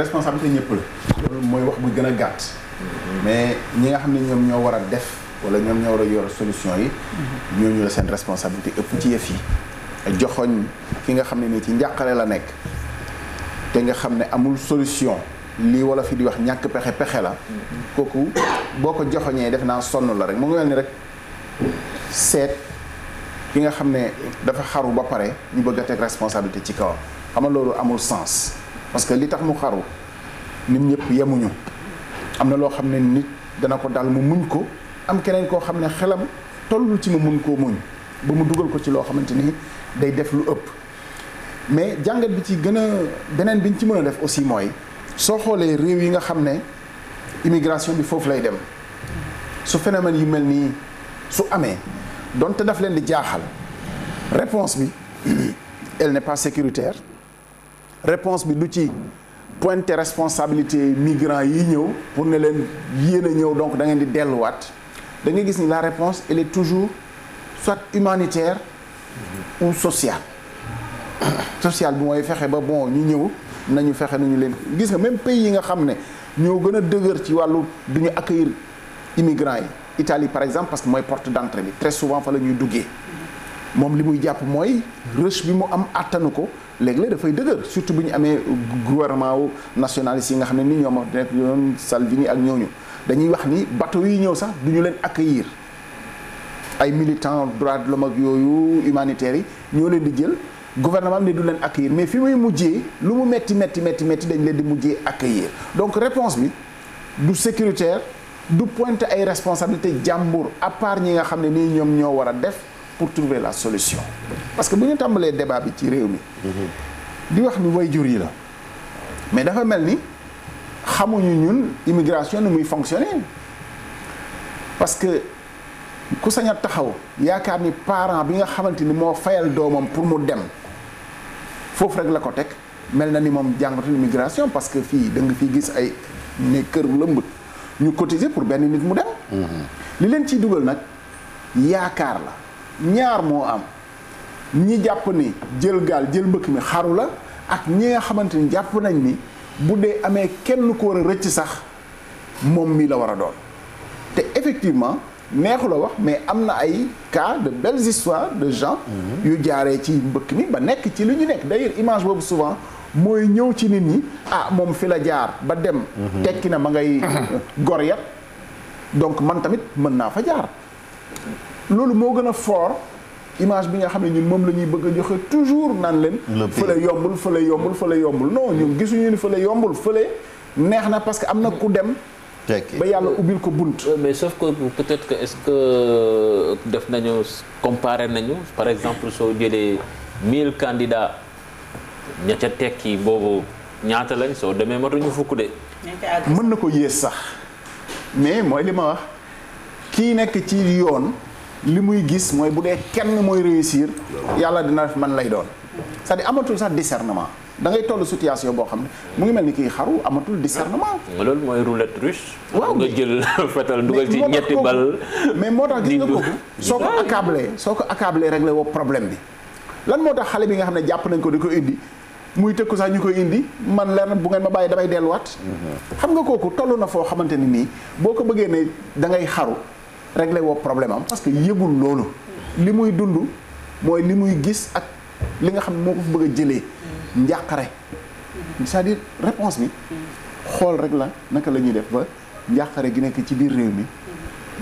responsabilité ñëpp la. loolu mooy wax bu gën a gàtt. mais ñi nga xam ne ñoom ñoo war a def wala ñoom ñoo war a yor solution yi. ñooñu la seen responsabilité ëpp ci yëf yi. joxoñ ki nga xam ne nii ci njàqale la nekk te nga xam ne amul solution. lii wala fi di wax ñàkk pexe pexe la kooku boo ko joxoñee def naa sonn la rek mu ngi mel ni rek seet ki nga xam ne dafa xaru ba pare ñu bëgg a teg responsabilité ci kawam xam loolu amul sens parce que li tax mu xaru nit ñëpp yemuñu am na loo xam ne nit dana ko daal mu muñ ko am keneen koo xam ne xelam tollul ci mu mun koo muñ ba mu dugal ko ci loo xamante ni day def lu ëpp mais jàngat bi ci gën a beneen bi ñu ci mën a def aussi mooy soo xoolee réew yi nga xam ne immigration bi foofu lay dem su phénomène yu mel nii su amee donte daf leen di jaaxal réponse bi elle n'est pas sécuritaire réponse bi du ci pointer responsabilité migrants yi ñëw pour ne leen yéen a ñëw donc dangeen di delluwaat da nga gis ni la réponse elle est toujours soit humanitaire ou sociale sociale bi mooy fexe ba bon ñu ñëw nañu fexe nu ñu leen gis nga même pays yi nga xam ne ñoo gën a dëgër ci wàllu du ñu accueillir immigrants yi Italie par exemple parce que mooy porte d'entrée bi très souvent fa la ñuy duggee moom li muy jàpp mooy rush bi mu am àttanu ko léegi léeg dafay dëgër surtout bi ñu amee gouvernement wu nationaliste yi nga xam ne ni ñoom nekk yoon Salvini ak ñooñu dañuy wax ni bateau yi ñëw sax du ñu leen accueillir ay militants droits de l'homme yooyu humanitaires yi ñoo leen di jël gouvernement bi ne du leen mais fi muy mujjee lu mu metti metti metti metti dañ leen di mujjee accueillir donc réponse bi du sécuritaire du pointe ay responsabilité jàmbur à part nga xam ne nii ñoom ñoo war a def pour trouver la solution parce que bu ñu tàmbalee débat bi ci réew mi di wax ni way jur yi la mais dafa mel ni xamuñu ñun immigration ni muy fonctionner parce que ku sañ a taxaw yaakaar ni parent bi nga xamante ni moo fayal doomam pour mu dem foofu rek la ko teg mel na ni moom jàngatul immigration parce que fii da nga fiy gis ay ne kër lëmb ñu cotiser pour benn nit mu dem mm-hmm. li leen ciy dugal nag yaakaar la ñaar moo am ñi jàpp ni jël gaal jël mbëkk mi xaru la ak ñi nga xamante ni jàpp nañ ni bu dee amee kenn ko war a rëcc sax moom mii la war a doon te effectivement neexu la wax mais am na ay cas de belles histoires de gens mhm. yu jaaree ci mbëkk mi ba nekk ci li ñu nekk d'ailleurs image boobu souvent mooy ñëw ci nit ñi ah moom fi la jaar ba dem mhm. tekki na ma ngay gor yat donc man tamit mën naa fa jaar loolu moo gën a fort image bi nga xam ne ñun moom la ñuy bëgg a joxe toujours naan leen. fële yombul fële yombul fële yombul non ñun gisuñu ni fële yombul fële neex na parce que am na ku dem. ba yàlla ubbil ko bunt. Euh, soo sauf que peut-être que est-ce euh, def nañu comparé nañu par exemple soo jëlee mille candidats ña ca tekki boobu ñaata lañ soo demee matuñu fukk de. mën na ko yées sax mais mooy li ma wax kii nekk ci yoon. li muy gis mooy bu dee kenn mooy réussir yàlla dina def man lay doon sax di amatul sax discernement da ngay toll situation boo xam ne mu ngi mel ni kii xaru amatul discernement. loolu mooy roulette russe. waaw nga jël fetal dugal ci ñetti bal. mais moo tax gis nga kooku soo ko accablé soo ko accablé réglé woo problème bi lan moo tax xale bi nga xam ne jàpp nañ ko di ko indi. muy tëkku sax ñu koy indi man leer na bu ngeen ma bàyyi damay delluwaat. Mhm. xam nga kooku toll na foo xamante ni nii boo ko bëggee ne da ngay xaru réglé woo problème am parce que yëgul loolu li muy dund mooy li muy gis ak li nga xam ne moo ko bëgg a jëlee njàqare cest di dire réponse bi xool rek la naka la ñuy def ba njàqare gi nekk ci biir réew mi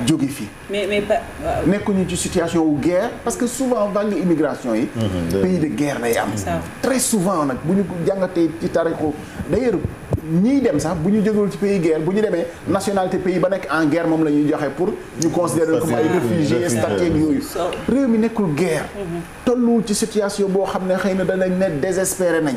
jóge fii euh, nekkuñu ci situation wu guerre parce que souvent vague immigration yi mmh, mmh, pays de guerre lay am très souvent nag bu ñu jàngatee ci tarixu d'ailleurs ñiy dem sax bu ñu jógul ci pays guerre bu ñu demee nationalité pays ba nekk en guerre moom la ñuy joxe pour ñu considérer comme ay réfugiés statut yooyu réew mi nekkul guerre mm-hmm. tolluwul ci situation boo xam ne xëy na danañ ne désespéré nañ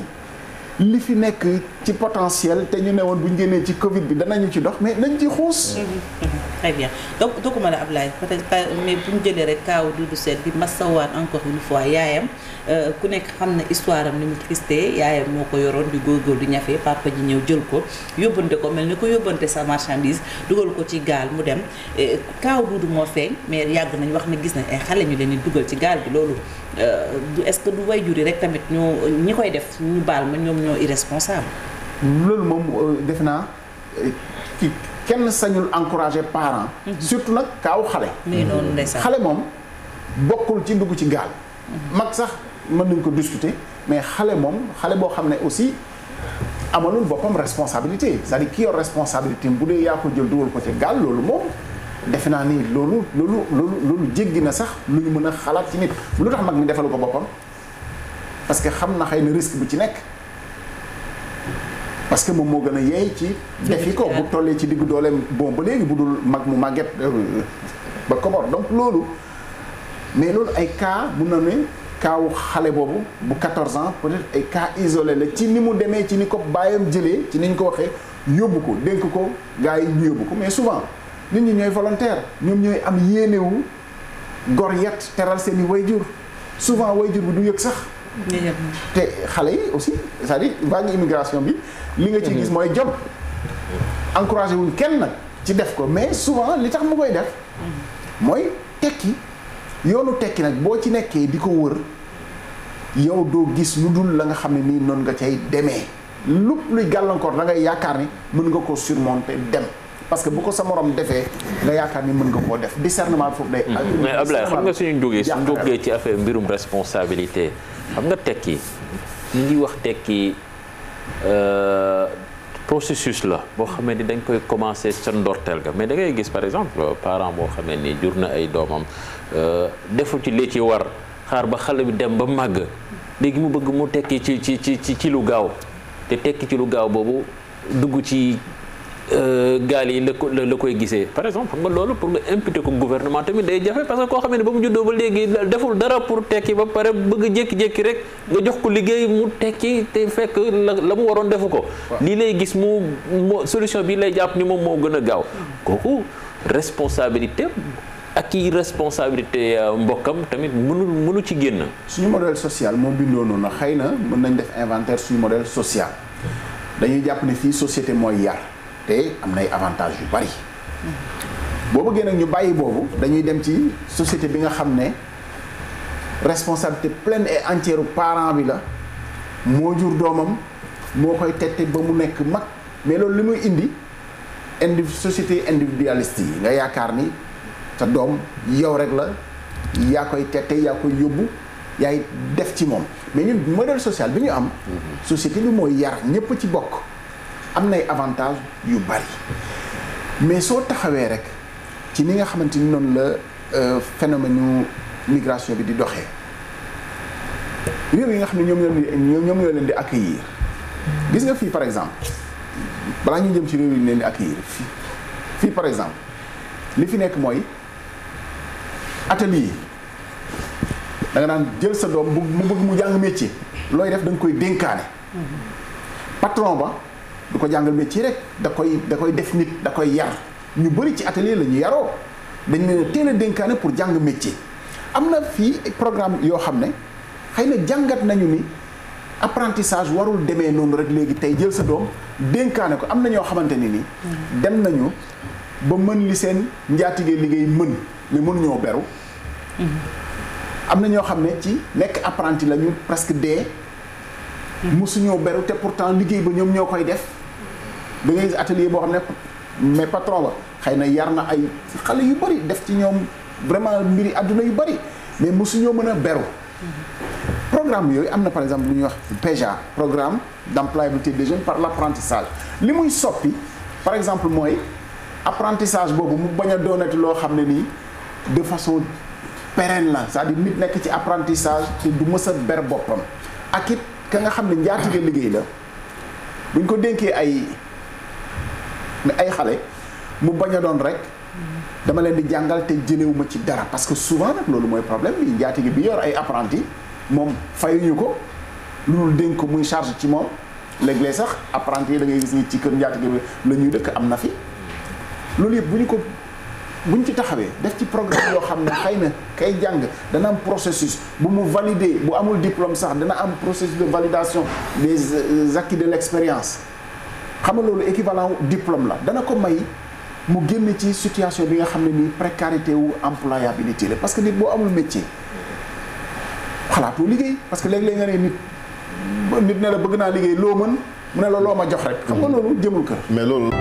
li fi nekk ci potentiel te ñu ne woon bu ñu génnee ci Covid bi danañu ci dox mais nañ ci xuus. Mm-hmm. Mm-hmm. très bien donc ab la Ablaye peut-être mais bu ñu jëlee rek kaaw Doudou Sène bi masawaat encore une fois yaayam. Euh, ku nekk xam na histoire am ni mu triste yaayam moo ko yoroon di góor góor di ñafe papa ji ñëw jël ko yóbbante ko mel ni ko yóbbante sa marchandise dugal ko ci gaal mu dem euh, kaaw duudu moo mais yàgg nañ wax ne gis nañ ay xale ñu leen di dugal ci gaal bi loolu euh, du est-ce que du waajur yi rek tamit ñoo ñi koy def ñu baal ma ñoom ñoo irresponsable loolu moom def naa kenn sañul encourager parents mhm. surtout nag kaaw xale xale moom bokkul ci dugg ci gaal mhm. mag sax mën nañ ko discuter mais xale moom xale boo xam ne aussi amalul boppam responsabilité cest à ki yor responsabilité bu dee yàqu jël dugal ko ci gaal loolu moom defe naa ni loolu loolu loolu jéggi na sax lu ñu mën a xalaat ci nit lu tax mag mi defalu ko boppam parce que xam na xay na risque bu ci nekk parce que moom moo gën a yeey ci defi ko bu tollee ci diggu dooleem bon ba léegi bu dul mag mu màgget euh, ba komor donc loolu mais loolu ay cas mun na ne kaawu xale boobu bu 14 ans peut-être ay cas isolé la ci ni mu demee ci ni ko bàyyam jëlee ci ni ñu ko waxee yóbbu ko dénk ko gars yi ñu yóbbu ko mais souvent nit ñi ñooy volontaire ñoom ñooy am yéenewu gor yet teral seen i wayjur souvent wayjur bi du yëg sax te xale yi aussi c'est-à-dire vague immigration bi li nga ci gis mhm. mooy jot encouragé wuñ kenn nag ci def ko mais souvent li tax mu koy def mhm. mooy tekki yoonu tekki nag boo ci nekkee di ko wër yow doo gis lu dul la nga xam ne nii noonu nga cay demee lépp luy gàllankoor da ngay yaakaar ni mën nga ko surmonter dem parce que bu ko sa morom defee nga yaakaar ni mën nga koo def discernement foofu day. Hmm. mais Ablaye xam nga suñu jógee suñu jógee ci affaire mbirum responsabilité xam nga tekki ñu ngi wax tekki. Euh, processus la boo xamee ni dañ koy commencé sa ndorteel ga mais da ngay gis par exemple parent boo xamee ni jur na ay doomam euh, defu ci li ci war xaar ba xale bi dem ba màgg léegi mu bëgg mu tekki ci ci ci ci lu gaaw te tekki ci lu gaaw boobu dugg ci Euh, gaal yi la ko la koy gisee par exemple xam nga loolu pour nga imputer ko gouvernement tamit day jafe parce que koo xam ne ba mu juddoo ba léegi deful dara pour tekki ba pare bëgg jékki-jékki rek nga jox ko liggéey mu tekki te fekk la la mu waroon defu ko. lii lay gis mu mo solution bi lay jàpp ni moom moo gën a gaaw kooku responsabilité ak i responsabilité euh, mbokkam tamit mënul mënu ci génn. suñu modèle social moo bindoo noonu xëy na mën nañ def inventaire suñu modèle social dañuy jàpp fii société mooy te am nay avantages yu bari. boo bëggee nag ñu bàyyi boobu dañuy dem ci société bi nga xam ne responsabilité plen et entière parent bi la moo jur doomam moo koy tette ba mu nekk mag mais loolu li muy indi indi société individualiste yi nga yaakaar ni sa doom yow rek la yaa koy tette yaa koy yóbbu yaay def ci moom mais ñun modèle social bi ñu am mhm. société bi mooy yar ñépp ci bokk am nay avantage yu bari mais soo taxawee rek ci ni nga xamante ni noonu la euh, phénomène migration bi di doxee réew yi nga xam ne ñoom ñoo ñoom ñoo leen di accueillir gis nga fii par exemple balaa ñu jëm ci réew yi leen di accueillir fii fii par exemple li fi nekk mooy atelier da nga naan jël sa doom mu bëgg mu jàng métier looy def da nga koy dénkaane mm-hmm. patron ba du ko jàngal métier rek da koy da koy def nit da koy yar ñu bëri ci atelier la ñu yaroo dañ leen teel a dénkaane pour jàng métier am na fii programme yoo xam ne xëy na jàngat nañu ni apprentissage warul demee noonu rek léegi tey jël sa doom dénkaane ko am na ñoo xamante ni nii dem nañu ba mën li seen njaatige liggéey mën mais mënuñoo beru mm-hmm. am na ñoo xam ne ci nekk apprenti la ñu presque dee mosuñoo beru te pourtant liggéey ba ñoom ñoo koy def da ngay gis atelier boo xam ne mais patron ba xëy na yar na ay xale yu bëri def ci ñoom vraiment mbiri àdduna yu bëri mais mosuñoo mën a beru programme yooyu am na par exemple lu ñuy wax PEJA programme d'employabilité des jeunes par l'apprentissage li muy soppi par exemple mooy apprentissage boobu mu bañ a doonati loo xam ne nii de façon pérenne la c'est-à-dire nit nekk ci apprentissage te du mës a ber ak it ka nga xam ne njaatige liggéey la buñ ko dénkee ay ay xale mu bañ a doon rek dama leen di jàngal te jëlewuma ci dara parce que souvent nag loolu mooy problème bi njaatige bi yor ay apprenti moom fayuñu ko loolu dénk ko muy charge ci moom léeg-léeg sax apprenti yi da ngay gis ni ci kër njaatige bi la ñuy dëkk am na fi loolu yëpp bu ñu ko buñ ci taxawee def ci programme yoo xam ne xëy na kay jàng dana am processus bu mu valider bu amul diplome sax dana am processus de validation des euh, acquis de l'expérience xam nga loolu équivalent diplôme la dana ko may mu génn ci situation bi nga xam ne nii précarité wu employabilité la parce que nit boo amul métier xalaatoo liggéey parce que léeg-léeg nga ne nit nit ne la bëgg naa liggéey loo mën mu ne la loo ma jox rek xam nga loolu jëmul kër mais loolu